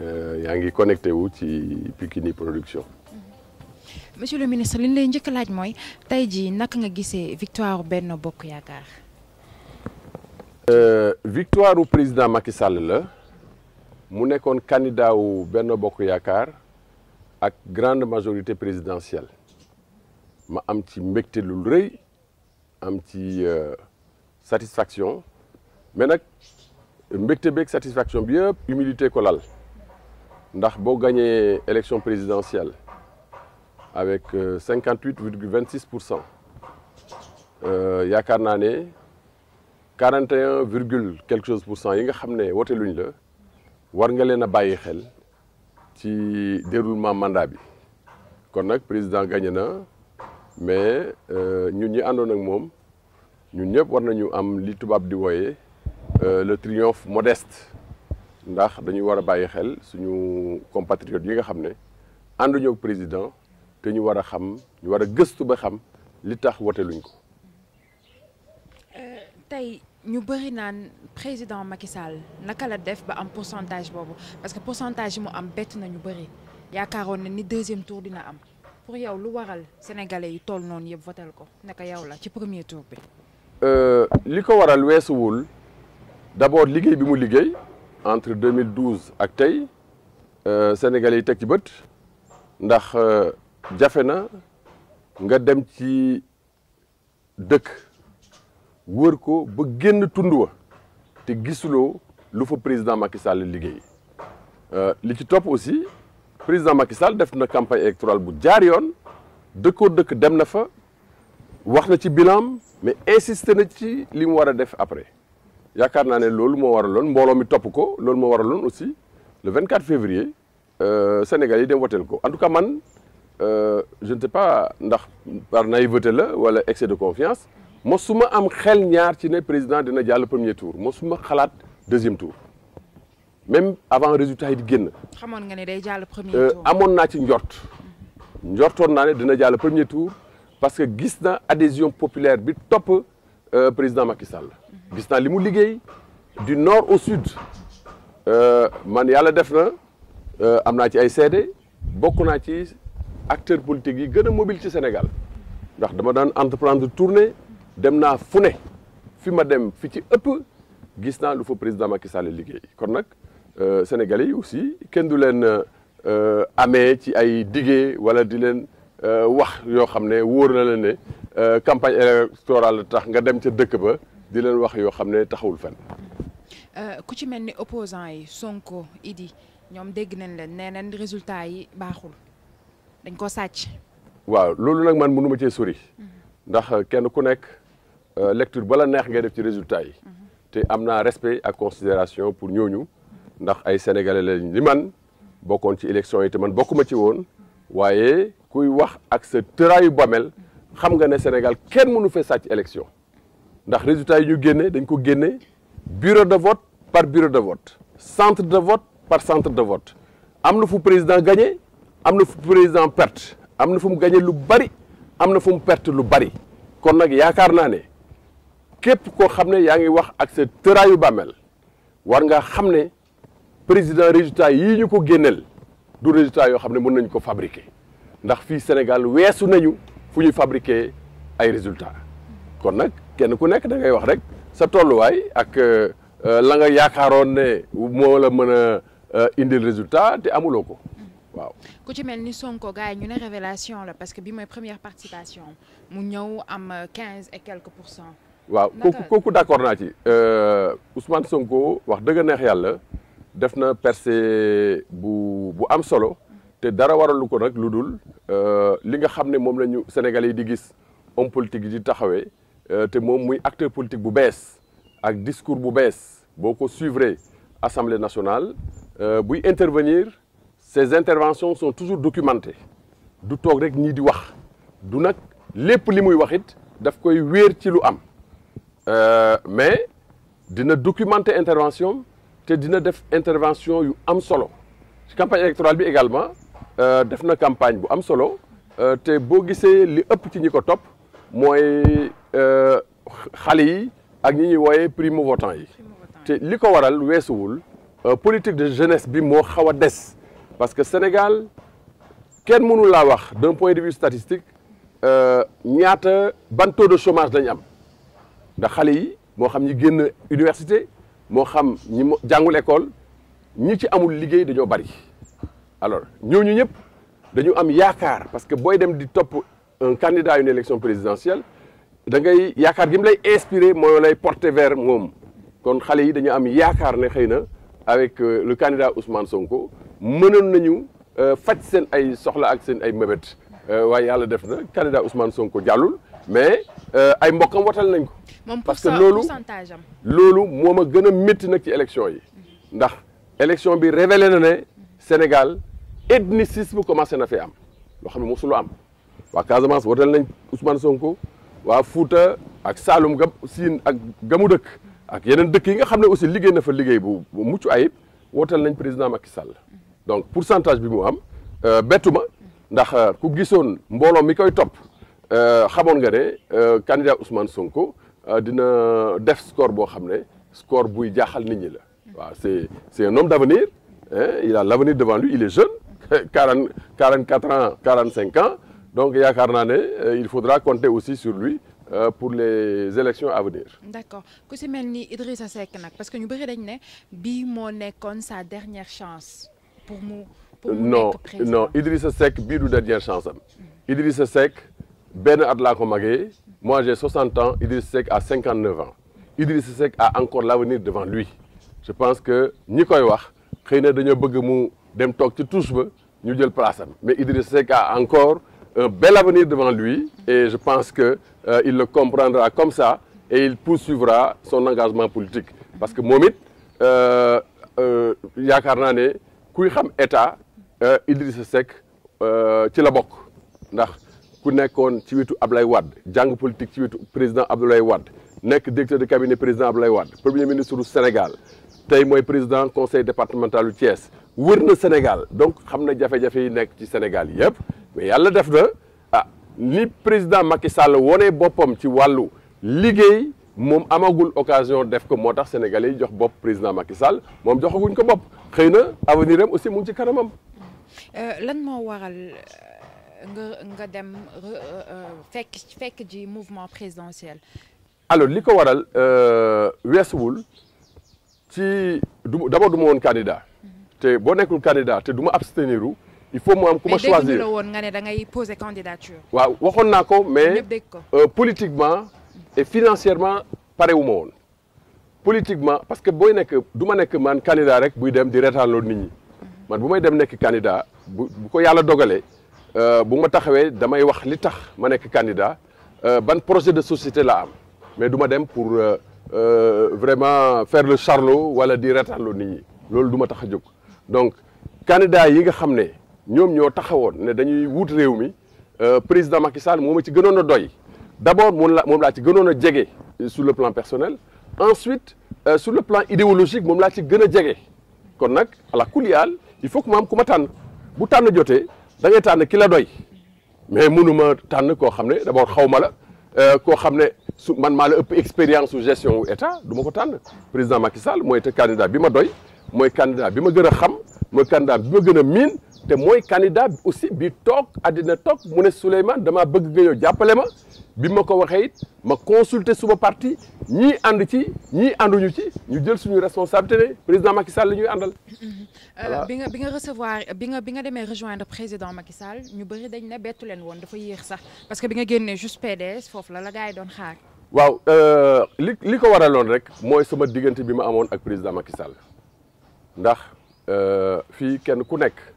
euh, ngi connecté wu ci Pikini Production. Mhm. monsieur le ministre li avez lay njëkk laaj mooy tey jii naka nga victoire Benno Bokk euh, victoire du président Macky Sall la mu candidat wu Benno Bokk avec ak grande majorité présidentielle ma am ci peu de rëy am ci euh, satisfaction mais nag mbégte beeg satisfaction bi yëpp humilité ko ndax bo gagné élection présidentielle avec 58,26 euh yakarna né 41, quelque chose pour cent yi nga xamné woté luñ la war nga leen a xel ci déroulement mandat bi kon nak président gagné na mais euh, ñun ñi àndoon ak mom ñun ñëpp war nañu am li tubab di euh, le triomphe modeste ndax dañuy war a bàyyi xel suñu compatriotes yi nga xam ne ànduñoo président te ñu war a xam ñu war a gëstu ba xam li tax woteluñ ko. Euh, tey ñu bëri naan président Macky Sall naka la def ba am pourcentage boobu parce que pourcentage yi mu am bett na ñu bëri yaakaaroon na ni deuxième tour dina am pour yow lu waral sénégalais yu toll noonu yëpp votel ko naka yow la ci premier tour bi. Euh, li ko waral weesuwul d'abord liggéey bi mu liggéey entre 2012 ak euh sénégalais yi tek ci beut ndax euh, jafena nga dem ci deuk wër ko ba génn tund te lu fa président Macky Sall liggéey euh, li ci top aussi président Macky Sall def na campagne électorale bu jaar yoon ko deuk dem na fa wax na ci bilan mais insister na ci lim wara def après yaakaar naa ne loolu moo waraloon mbooloo mi topp ko loolu moo waraloon aussi le 24 février euh, Sénégal yi dem woteel ko en tout cas man euh, je ne sais pas ndax par naïveté la wala excès de confiance mosuma am xel ñaar ci ne président dina jàll premier tour mosuma xalaat deuxième tour même avant résultat yi di génn. xamoon nga ne day jàll premier euh, tour amoon naa ci njort. njortoon naa ne dina jàll premier tour parce que gis na adhésion populaire bi topp. Euh, président Macky Sall du nord au sud euh, man yàlla def na euh, am ci ay seede politiques, naa acteur politique Sénégal ndax dama daan tournée demna fi président Macky Sall Sénégalais aussi du ci wala euh, wax yo xamné ne la euh, campagne électorale tax nga dem ci dëkk ba di leen wax yo xamné taxawul euh, ku ci opposant yi Sonko Idi ñom dégg nañ la né nañ résultat yi baxul dañ ko sacc waaw loolu man mhm. ndax ku lecture bala neex ngay def mhm. respect considération pour ñooñu ndax ay sénégalais lañ li man ci élection yi Waye, kuy wax ak sa tëraayu bamel xam nga ne Sénégal kenn mënu fee sàcc élection ndax résultat yi ñu génne bureau de vote par bureau de vote centre de vote par centre de vote am fu président gagné am fu président perte am fu mu gagné lu bari am fu mu perte lu bari kon nak yaakaar ne képp hamne xam ne ngi wax ak war nga président résultat ñu du résultat yo xamné mën nañ ko fabriquer ndax fi Sénégal wessu nañu fuñu fabriquer ay résultats kon nak kenn ku nek da ngay wax rek sa tollu way ak euh, la nga yaakaaroon mo la mëna a euh, indil résultat té amuloko waaw. ku ci melni Sonko gaay ñu né révélation la parce que bi moy première participation mu ñëw am 15 et quelques pour waaw koku kooku d'accord na ci euh, Ousmane Sonko wax deug neex yalla def na percée bu bu am solo te dara waralu ko nak ludul euh li nga xamné mom lañu Sénégalais di gis homme politique di taxawé euh te mom muy acteur politique bu bess, ak discours bu bess, boko suivre assemblée nationale euh, buy intervenir ces interventions sont toujours documentées du tok rek ni di wax du nak lépp li muy daf koy wër ci lu am euh, mais dina documenter intervention te dina def intervention yu am solo ci campagne électorale bi également euh, def na campagne bu am solo euh, te bo gisee li ëpp ci ñiko top moy euh xale yi ak ñi ñi woyé primo votant yi te liko waral waral weesuwul euh, politique de jeunesse bi mo xawa dess parce que Sénégal kenn mënu la wax d'un point de vue statistique ñaata ban taux de chômage lañu am ndax xale yi moo xam ñi génn université Moham xam ñi de école bari alors Yakar, parce que si dem di un candidat à une élection présidentielle da ngay gi inspiré porter vers mom kon xalé yi dañu am avec euh, le candidat Ousmane Sonko Nous nañu euh, fajj sen ay soxla ak sen ay euh, def candidat Ousmane Sonko mais euh, ay mbokkam watal nañ ko. parce que lolu lolu moma gëna metti nak ci élection yi. Mhm. ndax élection bi révélé na né Sénégal ethnicisme commencé na fi am loo xam ne mosulu am waa Casamance watal nañ Ousmane Sonko wa Fouta ak Saloum gam sin ak gamu dëkk ak yeneen dëkk yi nga xamné aussi liggéey na fa liggéey bu muccu ayib wootal nañ président Macky Sall mhm. donc pourcentage bi mu am euh, bettu ma ndax euh, ku gissone mbolo mi koy top euh, xamoon nga euh, candidat Ousmane Sonko euh, dina def score score buy jaaxal nit ñi la c'est un homme d'avenir hein, il a l'avenir devant lui il est jeune 44 44 ans 45 ans donc yakarna né il faudra compter aussi sur lui pour les élections à venir. D'accord. ku c'est mel Idrissa Seck parce que nous, bëri dit que c'est sa dernière chance pour nous. pour nous non non Idrissa Seck bii du dernière chance Idriss mm. Idrissa Seck. Ben at moi j'ai 60 ans Idriss Seck a 59 ans Idriss Seck a encore l'avenir devant lui je pense que ñi koy wax xëy na nous bëgg mu dem toog ci touche ba ñu jël place mais Idriss Seck a encore un bel avenir devant lui et je pense qu'il euh, le comprendra comme ça et il poursuivra son engagement politique parce que Momit, it euh, euh, yaakaar naa ne kuy xam état Idriss Seck ci la bok. ndax ku nekkoon ci wetu Wade jàng politique ci président Abdoulaye Wade nekk directeur de cabinet président Abdoulaye Wade premier ministre du Sénégal tay moy président conseil départemental du Thiès wërna Sénégal donc xamna jafé jafé yi nekk ci Sénégal yépp mais yalla def na ah li président Macky Sall wone boppam ci walu liggéey mom amagul occasion def ko motax sénégalais jox bop président Macky Sall moom joxaguñ ko bop xeyna na avenir aussi mu ci karamam euh lan mo waral nga nga dem euh, euh, fekk fekk ji mouvement présidentiel. alors liko waral euh wessoul ci d'abord duma won candidat. Mhm. té bo nekul candidat té duma ma il faut mu am ku choisir mais dégg la woon nga ne da ngay poser candidature. waaw waxon nako ko mais euh, politiquement et financièrement paré wu ma politiquement parce que boy nek duma nek man candidat rek buy dem di reetaanloo nit ñi mhm. man bu may dem nek candidat bu ko yalla dogalé euh, bu ma je damay wax je suis candidat euh, projet de société mais mais suis madame pour euh, vraiment faire le charlot ou di directe nit ce que donc candidat yi nga xam ne ñoo taxawoon ne dañuy président Macky Sall ci d'abord il la fait ci sur le plan personnel ensuite sur le plan idéologique il a à la il faut que je da ngay ki la doy mais mënuma tan ko xamné ne d' abord xaw la euh, koo xam ne su man maa la ëpp expérience su gestion ou état du ma ko tànn président Macky Sall mooy te candidat bima doy moy candidat bima gëna xam moy candidat bima gëna gën te mooy candidat aussi bi tok àddina tok mu souleyman Souleymane bëgg nga ñëw jàppale ma bi ma ko waxee it ma consulter suma parti ñi and ci andu ñu ci ñu jël suñu responsabilité président Macky Sall ñuy andal euh, bi nga bi nga recevoir bi nga bi nga démé rejoindre président Macky Sall ñu bëri dañ ne bettu len won dafa yéx sax parce que bi nga génné juste PDS fofu la la gars doon xaar. waaw euh li ko waraloon rek moy sama digënté bi ma amone ak président Macky Sall ndax euh, fi kenn ku nekk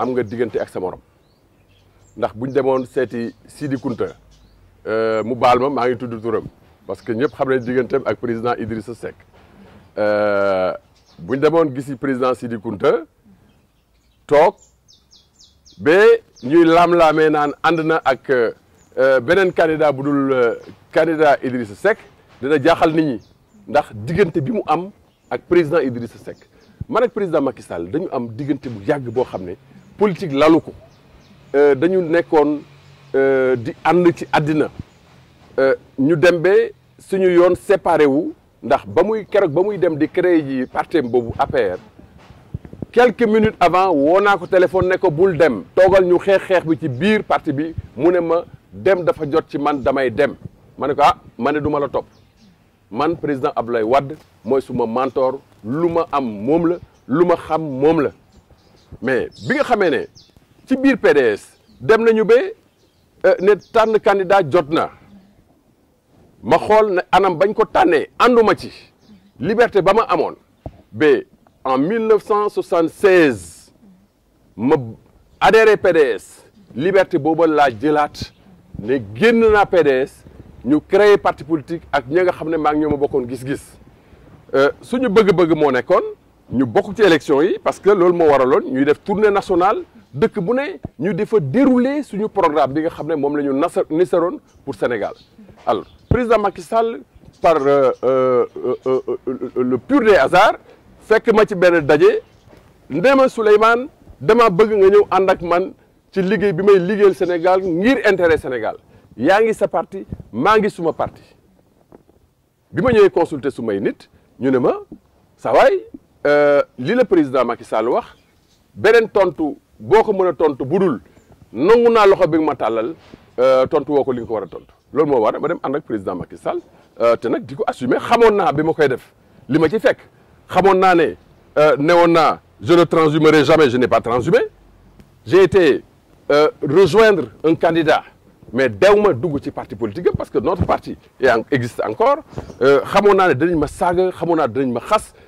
am nga digënté ak sa morom ndax buñ demoon seeti Sidi Kunta euh, mu baal ma maa ngi tuddu turam parce que ñëpp xam na digganteem ak président Idrissa Seck euh, buñ démon gisi président Sidi Kunta tok bé ñuy lam lamé naan ànd na ak euh, benen candidat bu dul candidat Idrissa Seck dina jaaxal nit ñi ndax digënté bi mu am ak président Idrissa Seck man ak président Macky Sall dañu am digënté bu yagg bo xamné politique lalu euh dañu n'ekon euh, di and ci euh ñu dembe suñu yoon séparé wu ndax ba muy dem di créer ji partem bobu APR quelques minutes avant wonako téléphone n'eko ko dem togal ñu xex xex bi ci biir parti bi Munema dem dafa jot ci man damay dem ma ko ah mané duma la top man président Abdoulaye Wade moy suma mentor luma am mom la luma xam mom la mais bi nga xamee ne ci biir PDS dem nañu ba euh, ne tànn candidat jot na ma xool ne anam bañ ko tànnee ànduma ci liberté ba ma amoon ba en 1976 ma adhéré PDS liberté booba laa jëlaat ne génn naa PDS ñu créer parti politique ak ñi nga xam ne maa ngi ñoo ma bokkoon gis-gis euh, suñu bëgg-bëgg moo nekkoon. ñu bokk ci élection yi parce que loolu moo waraloon ñuy def tournée nationale dëkk bu ne ñu dafa dérouler suñu programme bi nga xam ne moom la pour Sénégal alors président Macky Sall par euh, euh, euh, le pur des hasards fekk ma ci benn daje Ndéma Souleymane dama bëgg nga ñëw ligue ak man ci bi may Sénégal ngir intérêt Sénégal yaa sa parti mangi suma parti bi ma consulter suma may nit ñu ne ma euh, li le président Macky Sall wax benen tontu boko meuna tontu budul nanguna loxo bi ma talal tàllal euh, tontu woko li ko wara tontu lolou mo war ma dem ànd ak président Macky Sall euh, te nak diko assumer xamona bima koy def li ci fek xamona ne je ne transhumerai jamais je n'ai pas transhumé j'ai été rejoindre un candidat mais dewma dugg ci parti politique parce que notre parti existe encore xamona ne dañ ma saaga xamona dañ ma khas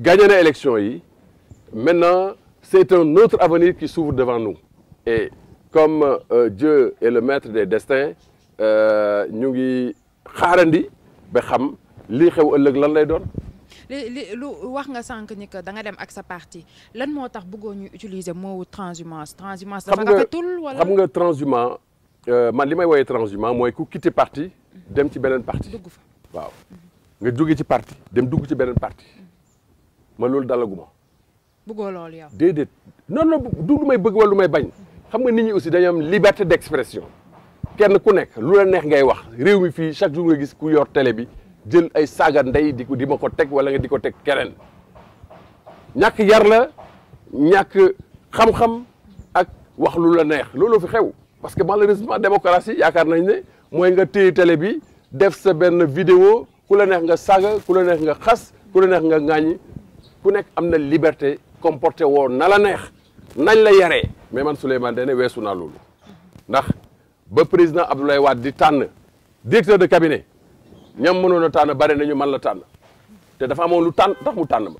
gagné na élection yi maintenant c'est un autre avenir qui s'ouvre devant nous et comme euh, Dieu est le maître des destins euh, ñu ngi xaarandi ba xam lii xew ëllëg lan lay doon li li lu wax nga sànq ni que da nga dem ak sa parti lan moo tax bëggoo ñu utiliser mot transhumance transhumance dafa rafetul wala xam nga transhumant euh, man li may woowee transhumant mooy ku quitter parti dem ci beneen parti dugg fa waaw nga jóge ci parti dem dugg ci beneen parti ma loolu dalaguma. bëggoo loolu yow. déedéet non noonu du lu may bëgg wala lu may bañ xam nga nit ñi aussi dañoo am liberté d'expression kenn ku nekk lu la neex ngay wax réew mi fii chaque jour nga gis ku yor télé bi jël ay saaga ndey di ko di ma ko teg wala di ko teg keneen ñàkk yar la ñàkk xam-xam ak wax lu la neex looloo fi xew parce que malheureusement démocratie yaakaar nañ ne mooy nga téye télé bi def sa benn vidéo ku la neex nga saaga ku la neex nga xas ku neex nga ŋaañi ku nekk am na liberté comporté woo nala neex nañ la yaree mais man Souleymane Ndéné weesu naa loolu ndax ba président Abdoulaye waat di tànn directeur de cabinet ñam mënoon tànn bare nañu man la tànn te dafa amoon lu tànn tax mu tànn ma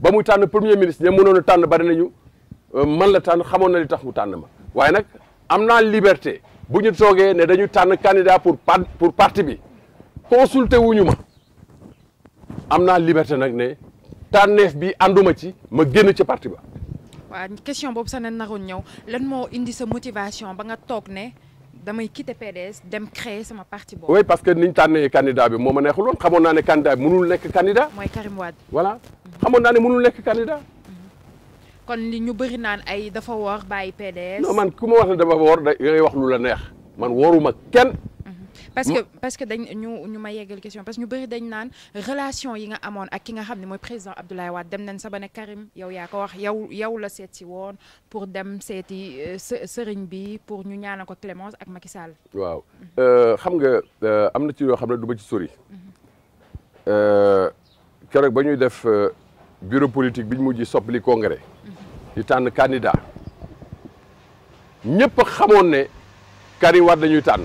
ba mu tànn premier ministre ñam mënoon a tànn bare nañu euh, man la tànn xamoon na li tax mu tànn ma waaye nag am naa liberté bu ñu toogee ne dañu tànn candidat pour pour parti bi consulté wuñu ma am naa liberté nag ne tanef bi anduma ci ma génn ci parti ba. waaw question boobu sax na naroon ñëw lan moo indi sa motivation ba nga toog ne damay quitter PDS dem créer sama parti boobu. oui parce que niñ tànnee candidat bi moo ma neexul woon xamoon naa ne candidat bi mënul nekk candidat. mooy Karim Wad voilà mhm. xamoon naa ne mënul nekk candidat. Mhm. kon li ñu bëri naan ay dafa woor bàyyi PDS. non man ku ma wax ne dafa woor da ngay wax lu la neex man wooruma kenn parce que parce que dañ ñu ñu ma yeggal question parce que ñu bëri dañ naan relation yi nga amoon ak ki nga xam ne mooy président Abdoulaye Wade dem nañ sa ba ne Karim yow yaa ko wax yow yow la seet si woon pour dem seeti euh, sëriñ bi pour ñu ñaanal ko Clémence ak Macky Sall. waaw mhm. euh, xam nga euh, am na ci yoo xam du ma ci sori. Mhm. keroog ba ñuy def bureau politique bi ñu mujj soppali congrès. Mhm. di tànn candidat. ñëpp xamone Karim Wade la ñuy tànn.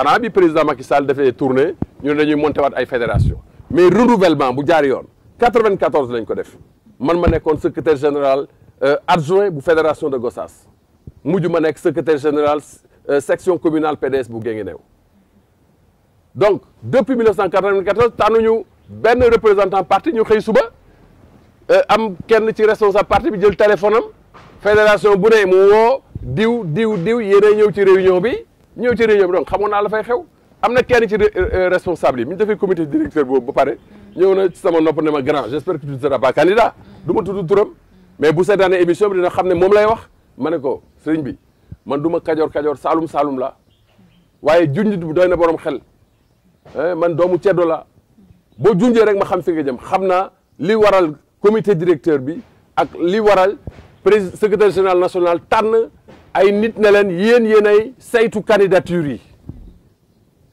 Quand président Macky Sall fait tournée ñu nous dañuy monté à la fédération mais renouvellement bu jaar yoon 94 lañ ko def man secrétaire général euh, adjoint la fédération de Gossas Je ma secrétaire général euh, section communale PDS bu donc depuis 1994 tànnuñu un représentant parti ñu xëy suba euh, am kenn ci responsable parti bi jël téléphone am fédération bu ne Diou Diou diw diw diw yéenay ci réunion bi. ñëw cere réunion bi donc xamoon naa la fay xew am na kenn ci euh, euh, responsable yi bi ñu defee comité directeur boobu ba pare ñëw na ci sama nopp ne ma grand j'espère que tu ne seras pas candidat du ma tudd turam mais bu seetaanee émission bi dina xam ne moom lay wax ma ne ko sëriñ bi man du ma kajoor kajoor saalum saalum la waaye junj bu doy na borom xel eh, man doomu ceddo la boo junjee rek ma xam fi nga jëm xam naa li waral comité directeur bi ak li waral président secrétaire général national tànn ay nit ne len yéen yéenay saytu candidature yi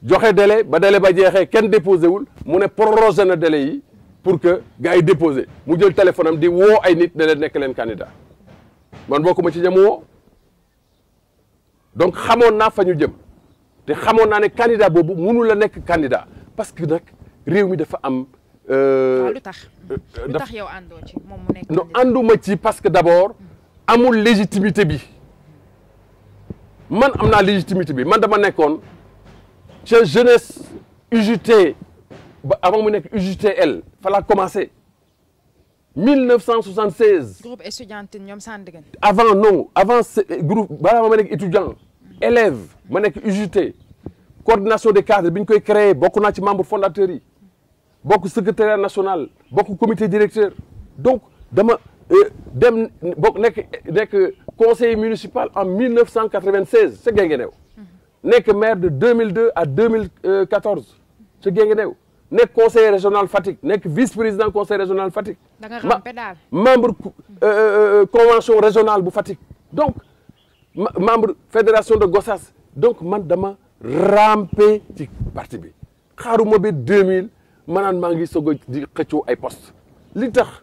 joxe délai ba délai ba jeexee ken déposé wul mu ne prorogé na délai pour que gaay déposé mu jël téléphone am di wo ay nit ne len nek len candidat man bokuma ci ñam donc xamoon n'a fa jëm te xamoon ne candidat bobu mënu la nek candidat parce que nak réew mi dafa am. Euh, lu tax euh, euh, lu tax yow ando ci mom mu nek non anduma ci parce que d'abord amul légitimité bi man amna légitimité bi man dama nekkoon ce jeunesse UJT avant mon nekk UJTL fallait commencer. 1976. groupe étudiant ñoom Sandigan. avant non avant eh, groupe étudiant élève je suis UJT coordination des cadres je ñu créé bokk naa ci membre fondateurs yi bokk secrétariat national comité directeur donc dama. Euh, dem bokk conseiller municipal en 1996 ce Guinguinéo mhm. nek maire de 2002 à 2014 ce Guinguinéo nek conseiller régional Fatik, nek vice-président conseil régional Fatik. da nga membre membre mhm. euh, euh, convention régionale bu Fatik. donc membre fédération de Gossas donc man dama rampe ci parti bi xaaruma ba 2000 manan Mangi ngi a di xëccoo ay poste li tax.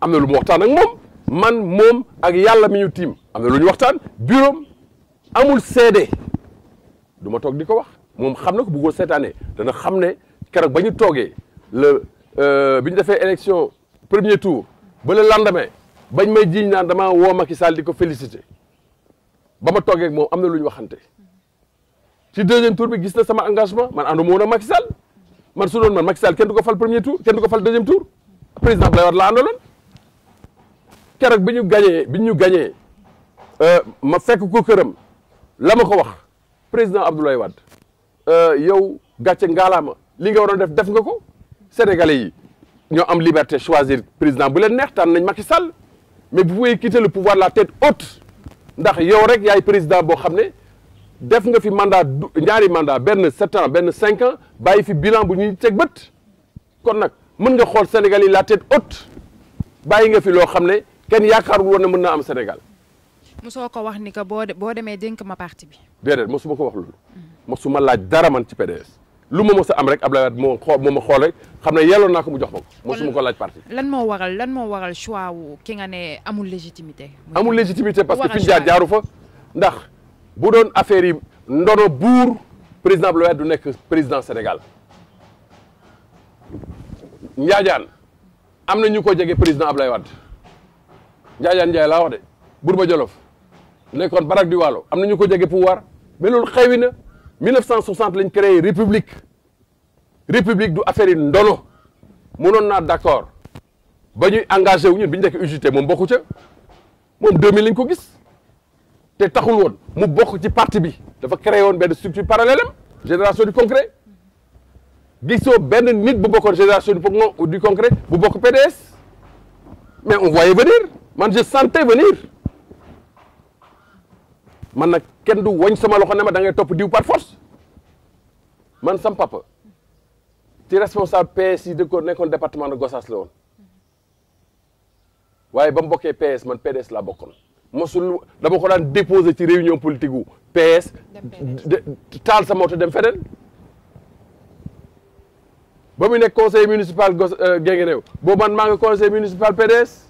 amna lu mu waxtaan ak mom man mom ak yalla miñu tim amna luñu na lu ñu waxtaan bureau amul seede du ma toog ko wax moom xam ko bëggoo seetaanee dana xamné ne keroog ba ñu le euh biñu défé élection premier tour ba le lendemain bañ may diñ nan dama wo Macky Sall di ko félicité ba ak mom amna luñu waxanté ci deuxième tour bi gis na sama engagement man ànduma woon ak Macky Sall man su doon man Macky Sall kenn du fal premier tour kenn duko fal deuxième tour président Abdoulaye Wade la àndaloon keroog biñu gagné biñu gagné euh ma fekk ko këram la ma ko wax président Abdoulaye wad euh yow gatché ngalama li nga waroon def def nga ko sénégalais yi ñoo am liberté choisir président bu len neex tànn nañ Macky Sall mais vous pouvez quitter le pouvoir la tête haute ndax yow rek yaay président bo xamné def nga fi mandat ñaari mandat ben 7 ans ben 5 ans bàyyi fi bilan bu ñuy tek bëtt kon nak mën nga xol sénégalais la tête haute bàyyi nga fi lo xamné kenn yaakaarul woon ne mën naa am Sénégal. soo ko wax ni que boo boo demee dénk ma parti bi. déedéet mosuma ko wax loolu. Mm-hmm. mosuma laaj dara man ci PDS. lu ma mos am rek ab Wade moo xool moo ma xool rek xam ne yelloon naa ko mu jox ma ko. mosuma ko laaj parti. lan moo waral lan moo waral choix wu ki nga ne amul légitimité. amul légitimité parce que fi ñu jaar jaaru fa. ndax bu doon affaire yi ndono buur président Abdoulaye Wade du nekk président Sénégal. Njaajaan am na ñu ko jege président Abdoulaye Wade. jajan Njaay laa wax de Bourba Jolof nekkoon Barak du walo amna ñu ko jege pouvoir mais loolu xewi 1960 lañ créé république république du affaire ndolo mënon n'a d'accord. bañuy engagé wu ñun biñu ñu usité mom bokku ca mom 2000 lañ ko gis té taxul won mu bokku ci parti bi dafa créé won benn structure parallèle génération du concret gisoo benn nit bu bokkoon génération du concret bu bokk PDS mais on voyait venir man je sentais venir Je du sama suis ma da ngay top diw par force responsable PS de département de Gossas la woon bon, PS man PDS la ko déposé ci réunion politique PS taal sa moto dem Bon conseil municipal Goss euh, Bon, conseil municipal PDS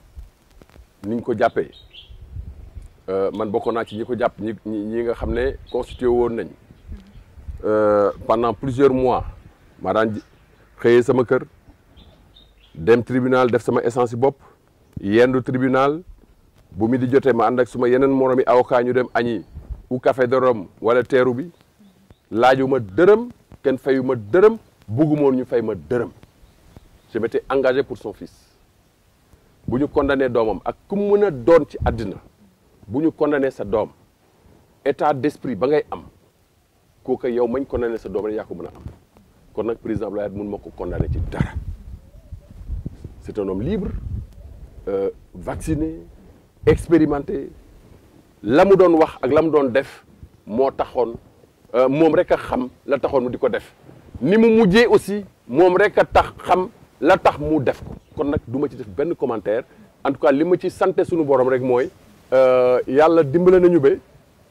niñ ko euh man ci ñi ko japp ñi nga euh, pendant plusieurs mois ma sama kër dem tribunal def sama essence bop yendu tribunal bu mi di joté ma and ak suma yenen morom avocat ñu dem agni ou café de Rome wala terreu bi je m'étais engagé pour son fils buñu ñu condamné doomam ak ku mu mën doon ci adina buñu condamné sa dom état d'esprit ba ngay am kooku yow mañ condamné sa dom ya ko mën am kon nak président Abdoulaye mun ko condamné ci dara c'est un homme libre euh, vacciné expérimenté lamu mu doon wax ak lamu doon def moo taxoon euh, mom rek a xam la taxone mu diko def ni mu mujjé aussi mom rek tax xam. la tax mu def ko kon nag duma ci def benn commentaire en tout cas li ma ci sante suñu borom rek mooy euh, yàlla dimbale nañu ba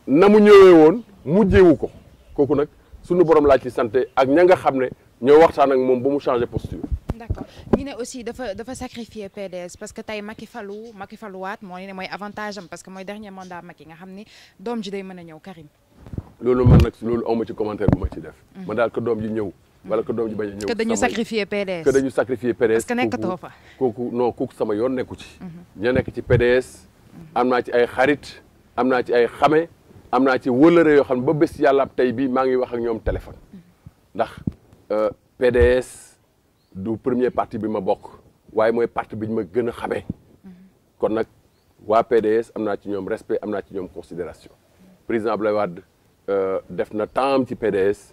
na mu ñëwee woon mujjeewu ko kooku nag suñu borom laa ci sante ak ña nga xam ne ñoo waxtaan ak moom ba mu changé posture. d'accord ñu ne aussi dafa dafa sacrifier PDS parce que tey Macky falu Macky faluwaat moo ne mooy avantage am parce que mooy dernier a Macky nga xam ni doom ji day mën a ñëw Karim. loolu man nag loolu aw ma ci commentaire bu ma ci def. Mm-hmm. wala ko doom ji bañ a que dañu sacrifier PDS que dañu sacrifier PDS parce que nekkatoo fa koku non koku sama yoon nekku ci mhm. ña nek ci PDS amna ci ay xarit amna ci ay xamé amna ci wëlëre yo xam ba bés yalla tay bi ma ngi wax ak ñom téléphone mhm. ndax euh, PDS du premier parti bi ma bok waye moy parti bi ñu ma gën mhm. kon nak wa PDS amna ci ñom respect amna ci ñom considération président Abdoulaye Wade euh, def na tam ci PDS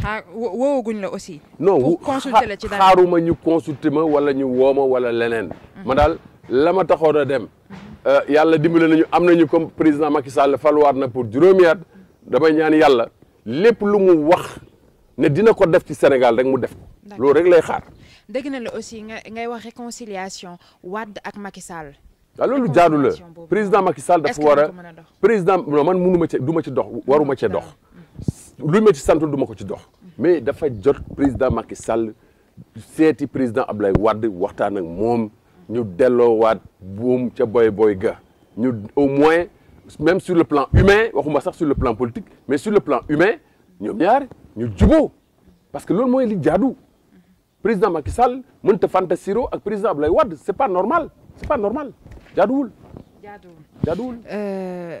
xaar woowaguñ la aussi. non ci dara xaaruma ñu consulter ma wala ñu wooma wala leneen. Mhm. ma daal la ma taxoon a dem. Mhm. Euh, yàlla dimbale nañu am nañu comme président Macky Sall faluwaat na pour juróom at damay ñaan yàlla lépp lu mu wax ne dina ko def ci Sénégal rek mu def ko. loolu rek lay xaar. dégg na la aussi nga ngay wax réconciliation Wade ak Macky Sall. waaw ah, loolu jaadu la président Macky Sall dafa war a président non man munu ma ci du ma ci dox waruma ci dox. Lui met ci du mais dafa jot président Macky Sall président Ablaye Wade ak ñu wat boom boy boy ga ñu au moins même sur le plan humain waxuma sax sur le plan politique mais sur le plan humain ñom ñaar ñu parce que lool moy li jadu président Macky Sall fantasiro ak président Ablaye c'est pas normal c'est pas normal euh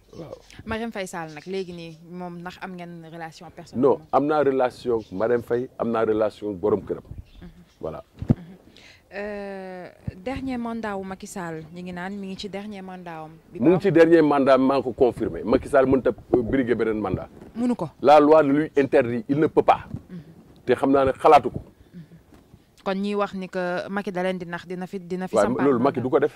waaw Marème Faye Sall ni léegi nii moom ndax am ngeen relation personnelle. non amna naa relation Marème Faye amna relation borom kërëm mhm. voilà. Mhm. Euh, dernier mandat wu Macky Sall ñi ngi naan mi ngi ci dernier mandat am. mu ngi ci dernier mandat maa ko confirmé Macky Sall mën ta euh, briguer beneen mandat. mënu ko la loi lui interdit il ne peut pas. Mhm. té xam naa ne xalaatu ko. kon ñi wax ni que Macky da leen di nax dina fi dina fi. samp loolu Macky du ko def.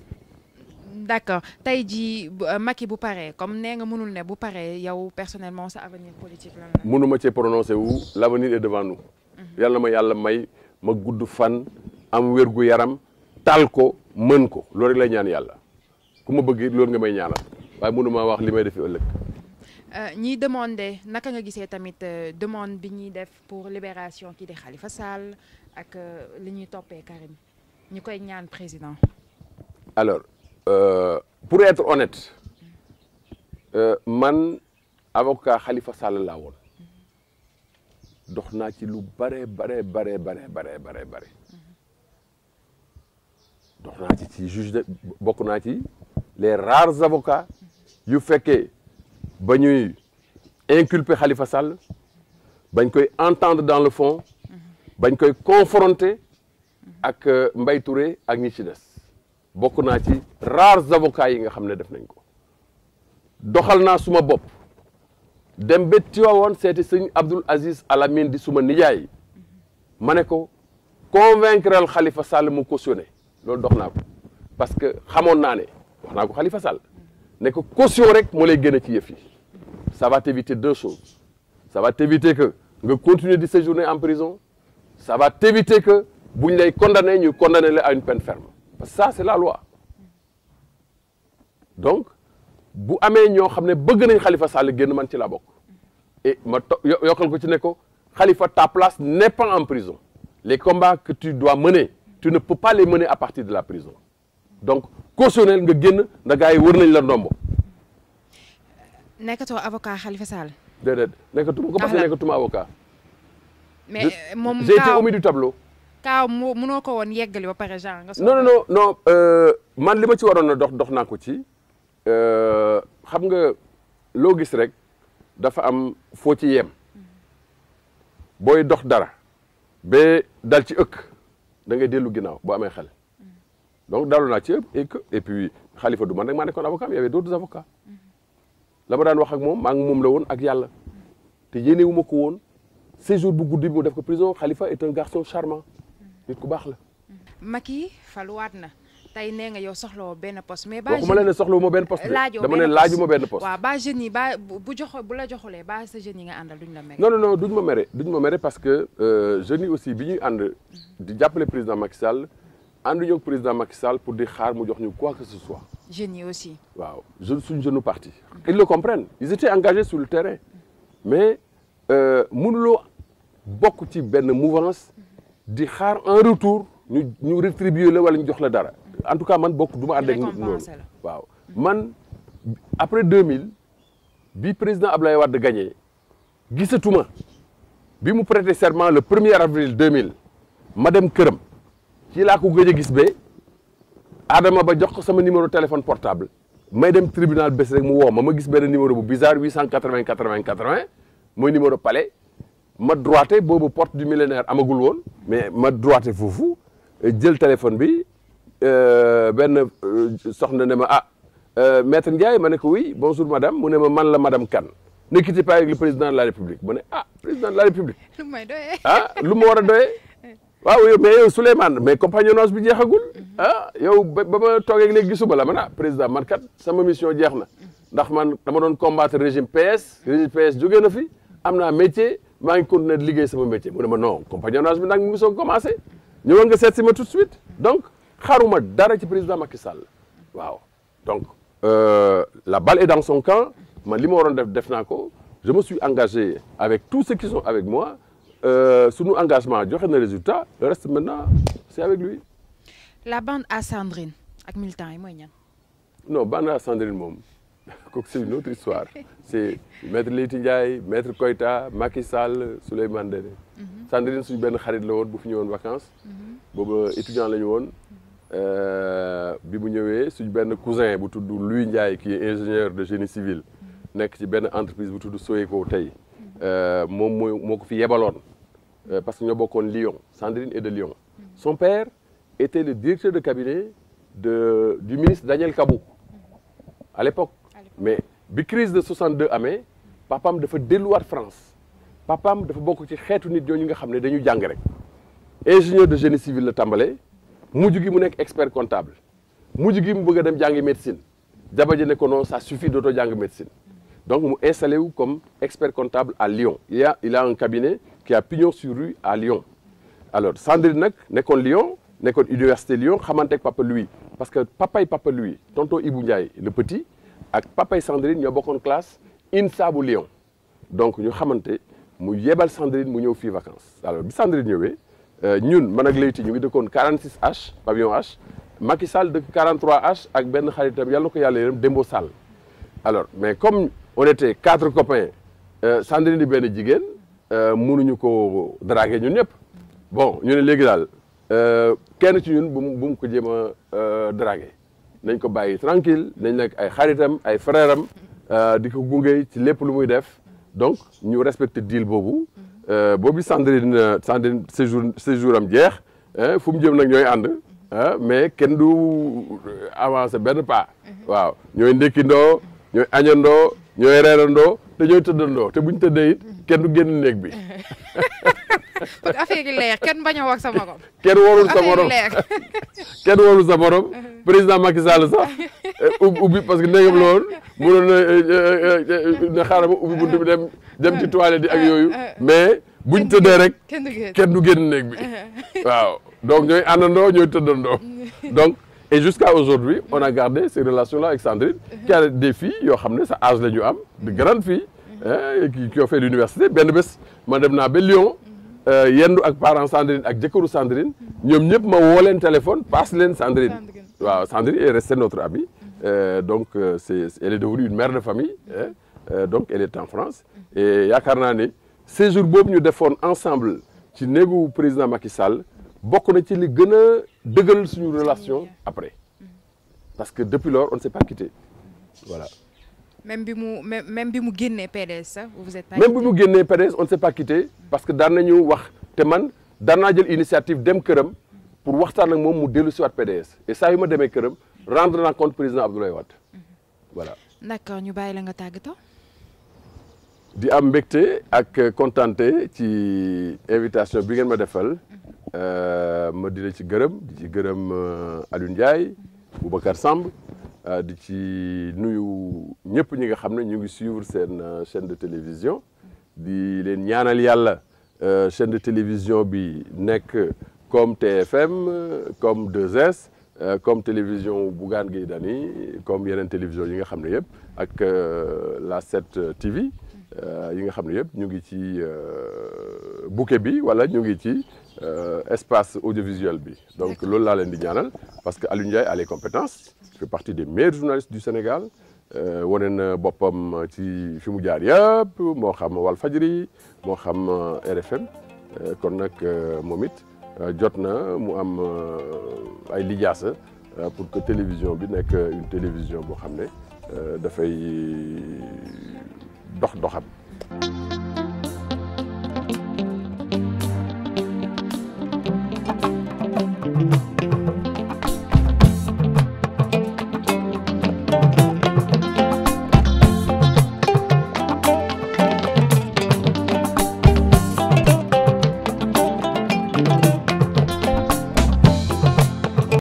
d' accord tey jii euh, Macky bu paree comme nee nga mënul ne bu paree yow personnellement ça avenir politique lan la. mënu ma cee prononcé wu est devant nous. Mhm. yàlla ma yàlla may ma gudd fan am wér gu yaram taal ko mën ko loolu rek lay ñaan yàlla ku ma bëgg loolu nga may ñaanal waaye mënu ma wax li may defi ëllëg. Euh, ñiy demandé naka nga gisee tamit euh, demande bi ñuy def pour libération kii di Khalifa Sall ak li ñuy toppee Karim ñu koy ñaan président. alors. Euh, pour être honnête euh, man avocat Khalifa Sall laa doxna ci lu bare bare bare bare bare bare bare dox naa ci ci juge de ci les rares avocats yu fekkee ba inculper Khalifa Sall bañ koy entendre dans le fond bañ koy confronter ak euh, Mbaye Touré ak ñi il naa ci rares avocats yi nga xam def nañ ko doxal naa suma dem Aziz Alamine di suma nijaay ma ko convaincre Khalifa Sall mu cautionné loolu ko parce que xamoon Khalifa ne ko caution rek moo lay gën ci ça va t'éviter deux choses ça va t'éviter que nga continuer de séjourner en prison ça va t'éviter que buñ lay condamné ñu condamné à une peine ferme ça c'est la loi donc si vous avez xam ne bëgg nañ Khalifa Sall génn man ci et je to yokkal ko Khalifa ta place n'est pas en prison les combats que tu dois mener tu ne peux pas les mener à partir de la prison donc cautionnel nga génn nda gars ne wër nañ la tu es avocat Khalifa Sall. nekato nekkatuma ko passé pas avocat. mais euh, j'ai été omis du tableau. Non non non non euh, man c'est ci warona dox dox nako ci euh, xam nga rek dafa am fo ci yem boy dox dara uk. dal ci ëkk da ngay xel donc dalu ci et puis Khalifa, du man rek avocat y avait d'autres avocats la ma daan wax ak te bu prison Khalifa est un garçon charmant nit ku bax la. Macky faluwaat na tay ne nga yow soxlawoo ben poste. mais ba waxuma la ne soxlawuma benn poste de. dama ne mo ben poste. Wa ba jeunes ba bu jox bu la joxulee ba sa jeune yi nga andal duñ la mere. non non non duñ ma mere duñ ma mere parce que euh yi aussi bi ñuy di jàppale président Macky Sall andu ak président Macky Sall pour di xaar mu jox ñu quoi que ce soit. jeunes aussi. waaw suis suñ jeune parti. ils le comprennent ils étaient engagés sur le terrain mais euh, mënuloo bokku ci ben mouvance di un retour ñu ñu rétribuer la wala ñu jox la en tout cas man bokk du ma de ak loolu man après 2000 le président Ablaye a gagné gisatuma bi mu prêté serment le 1er avril 2000 madame dem ci laa ko gëj a gis ba Adama ba jox ko sama numéro téléphone portable may dem tribunal bés rek mu dit ma gis un numéro bizarre 880 80 80 mooy numéro palais ma droité bobu porte du millénaire amagul won mais ma droité fofu euh, jël téléphone bi ben soxna ne ma ah maître Ndiaye mané ko oui bonjour madame mu ne ma man la madame Kan, ne quittez pas avec le président de la république ma ah président de la république. lu may ah lu ma war waaw yow mais yow Souleymane mais compagnonnage bi jeexagul ah yow ba ba ma toogee léegi gisuma la man ah, président man kat sama mission jeex ndax man dama don combattre régime PS régime PS jógee na fi amna métier maa ngi continuer de liggéey mon métier je ne dit non compagnonnage bi ngi soog commencé ñëwoon nga seet tout de suite donc xaaruma dara ci président Macky Sall waaw donc euh, la balle est dans son camp man li def je me suis engagé avec tous ceux qui sont avec moi euh, nos engagements, engagement joxe des résultats. le reste maintenant c'est avec lui. la bande à Sandrine ak militant yi Non, non bande à Sandrine moi. c'est une autre histoire c'est maître Leyti Ndiaye maître Koïta, Macky Sall Souleymane Ndéné mhm. Sandrine suñu une xarit la woon bu fi vacances Elle mhm. étudiant la ñu woon euh, bi est ñëwee suñu cousin bu Louis Ndiaye qui est ingénieur de génie civil mhm. nekk ci une entreprise bu tudd Soyeco tey euh, moom moo moo ko fi euh, parce que est bokkoon Lyon Sandrine est de Lyon son père était le directeur de cabinet de du ministre Daniel Kabou à l'époque mais la crise de 62 papa me dafa delluwaat France papaam dafa bokk ci xeetu nit ñooñu nga xam ne dañu jàng rek ingénieur de génie civil de Tambalé, mujj gi mu expert comptable mujj gi mu bëgg a médecine D'abord, ji ne ko non ça suffit dootoo jàng médecine donc mu installé comme expert comptable à Lyon il a il a un cabinet qui a pignon sur rue à Lyon alors Sandrine n'est qu'en Lyon qu'en université Lyon xamante papa lui, parce que papa et papa lui, tonton Ibou le petit ak et Sandrine avons une classe INSA bu Lyon donc ñu xamante mu yebal Sandrine mu ñëw en vacances alors bi Sandrine ñëwee euh, ñun man ak Leyti ñu ngi 46 H pavillon H Macky de 43 H ak ben xaritam donc ko yàlla yërëm Dembo Sall alors mais comme on était quatre copains euh, Sandrine di benn jigéen euh, mënuñu ko draguer ñun ñëpp bon nous sommes léegi Euh, kenn ci ñun bu bu draguer nañ ko bàyyi tranquille nañ nekk ay xaritam ay frère am euh, di ko gunge ci lépp lu muy def donc ñu respecté deal boobu euh, boobu Sandrine Sandrine séjour séjour am jeex fu mu jëm nag ñooy ànd mais kenn du avancé benn pa waaw ñooy ndékkindoo ñooy añandoo ñooy ndoo te ñooy tëddandoo te buñ tëddee it kenn du génn néeg bi. kon affaire yi leer kenn bañ a wax sa morom. kenn warul sa morom kenn warul sa morom. président Macky Sall sax eh, ubbi parce que néegam la woon mënoon eh, eh, na xaaral ma ubbi buntu bi dem dem ci toilette yi ak yooyu mais. buñ tëddee rek kenn du génn néeg bi waaw donc ñooy àndandoo ñooy tëddandoo donc et jusqu'à aujourd'hui on a gardé ces relations là avec Sandrine qui a des filles yoo xam ne sa âge la ñu am de grandes filles Hein, qui ont fait l'université Bien bés ma Nabé Lyon, ba Lyon mhm. euh, yendu ak parents Sandrine ak jëkkëru Sandrine Nous mhm. avons ma woo un téléphone passe leen Sandrine Sandrine est restée notre amie mhm. euh, donc euh, elle est devenue une mère de famille hein. donc elle est en France et yaakaar naa ces jours nous ñu defoon ensemble ci négou président Macky Sall Nous na ci li relation après parce que depuis lors on ne s'est pas quitté voilà même bi mu même même bi mu génnee PDS sax vous êtes pas même bi mu génnee PDS on ne s'est pas quitté parce que daan nañu wax te man daan jël initiative dem këram pour waxtaan ak moom mu dellu si waat PDS et ça yu ma demee rendre na compte président Abdoulaye Wade mhm. voilà. d'accord ñu bàyyi la nga tàggatoo. di am mbégte ak contenté ci invitation bi ngeen ma defal mhm. euh, ma di la ci gërëm ci gërëm euh, Alioune Ndiaye mhm. Samb. Euh, di nuyu ñëpp ñi nga xam ñu ngi suivre seen euh, chaîne de télévision di leen ñaanal euh, chaîne de télévision bi nek comme TFM comme 2S comme télévision Bougane Gueye Dany comme yenen télévision yi nga xamné yépp ak la 7 TV yi nga xamné yépp ñu ngi ci bouquet bi wala ñu ngi ci euh, espace audiovisuel bi donc loolu la leen parce que Ndiaye a les compétences fait partie des meilleurs journalistes du Sénégal euh, On a euh, boppam ci fi mu jaar yëpp moo xam Walfadjri RFM kon nag moom it pour que la télévision soit une télévision boo xam ne dafay dox doxam